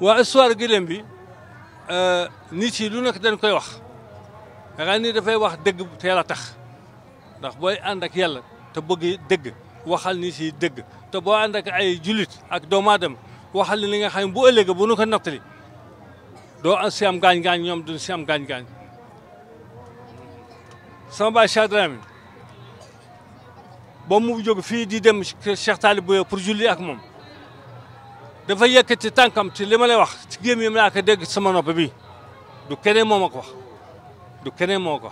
waa histoire gëléem bi euh, nit yi lu nekk dañ koy wax da nga ni dafay wax dëgg teel a tax ndax booy ànd ak yàlla te bëgg dëgg waxal nit yi dëgg te boo ànd ay jullit ak doomu aadama waxal li nga xam ne bu ëllëgee bu nu ko nattali doo am si am gaañ-gaañ ñoom duñ si am gaañ-gaañ sama baay Cheikh Dramé ba mu jóg fii di dem Cheikh Talib Boye pour julli ak moom dafa yëkkati tànkam ci li ma lay wax ci géem yi laa ko dégg sama nopp bi du keneen mooma ko du keneen moo ko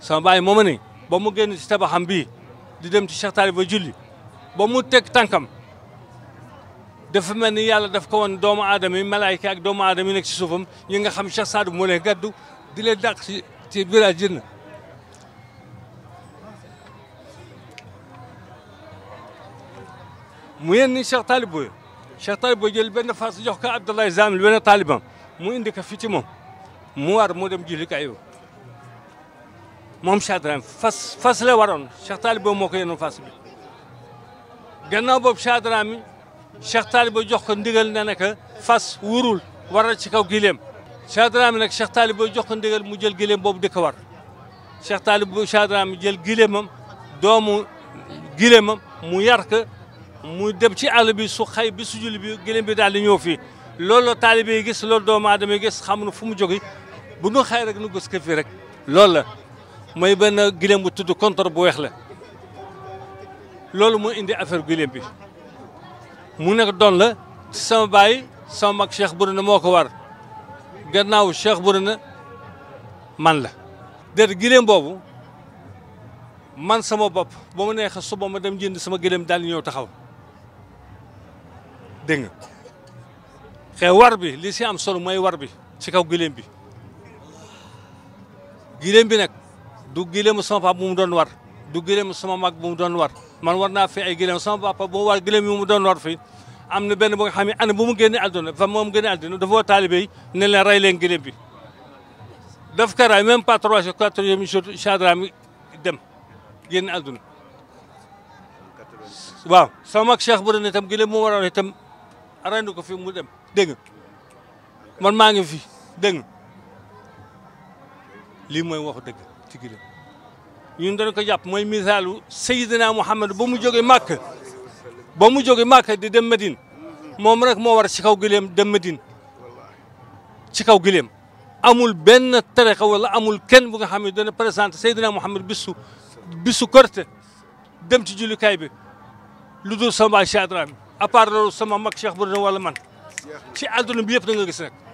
sama baay mooma ma ne ba mu génn ci tabaxam bii di dem ci Cheikh Taliba julli ba mu teg tànkam dafa mel ni yàlla daf ko woon doomu aadama yi malaayka ak doomu aadama yi nekk ci suufam ñi nga xam Cheikh Saadu moo gaddu di leen dàq ci ci biir àjjana mu yenn Cheikh Taliba Cheikh Talib boo jël benn fas jox ko Abdoulaye Zamil benn taalibam mu indi ko fii ci moom mu war moo dem julli kayo moom Cheikh fas fas la waroon Cheikh Talib boobu moo ko yenoon fas bi gannaaw boobu Cheikh Ibrahim Cheikh Talib boo jox ko ndigal ne naka fas wurul waral ci kaw gileem Cheikh Ibrahim nag Cheikh Talib boo jox ko mu jël gileem boobu di ko war Cheikh Talib boo Cheikh Ibrahim jël gileemam doomu gileemam mu yar mu dem ci àll bi su xëy bi su julli bi gëléem bi daal di ñëw fii loolu taalibe gis loolu doomu aadama yi gis xam nu fu mu jóge bu nu xëy rek nu gis ko fii rek loolu la mooy benn gëléem bu tudd kontor bu weex la loolu moo indi affaire gëléem bi mu nekk doon la sama baay sama mag Cheikh Bourina moo ko war gannaaw Cheikh Bourina man la déet gëléem boobu man sama bopp ba mu neexee suba ma dem jënd sama gëléem daal di ñëw taxaw dégg nga xee war bi li si am solo mooy war bi ci kaw giléem bi giléem bi nag du giléemu sama papa bu mu doon war du giléemu sama mag bu mu doon war man war naa fi ay giléem sama papa bu mu war giléem bi mu doon war fii am na benn bu nga xam ne année bu mu génne àdduna fa moom génne àdduna dafa woo taalibe yi ne leen rey leen giléem bi daf ko ray même pas trois jours quatre jours jour cadram dem génne àdduna waaw sama mag Cheikh bu doon itam giléem mu waroon itam rend ko fi mu dem dégg man maa ngi fi dégg lii mooy waxu dëgg ci gërëm ñun dañ ko jàpp mooy misaalu Seydina Muhammad ba mu jóge Màkk ba mu jóge Màkk di dem Medine moom rek moo war ci kaw gëléem dem Medine ci kaw gëléem amul benn tarixa wala amul kenn bu nga xam ne dana présenté Seydina Muhammad bisu bisu korte dem ci jullikaay bi lu dul sa mbaay si à part loolu sama mag Cheikh Bourdieu wala man ci àdduna bi yëpp da nga gis nag.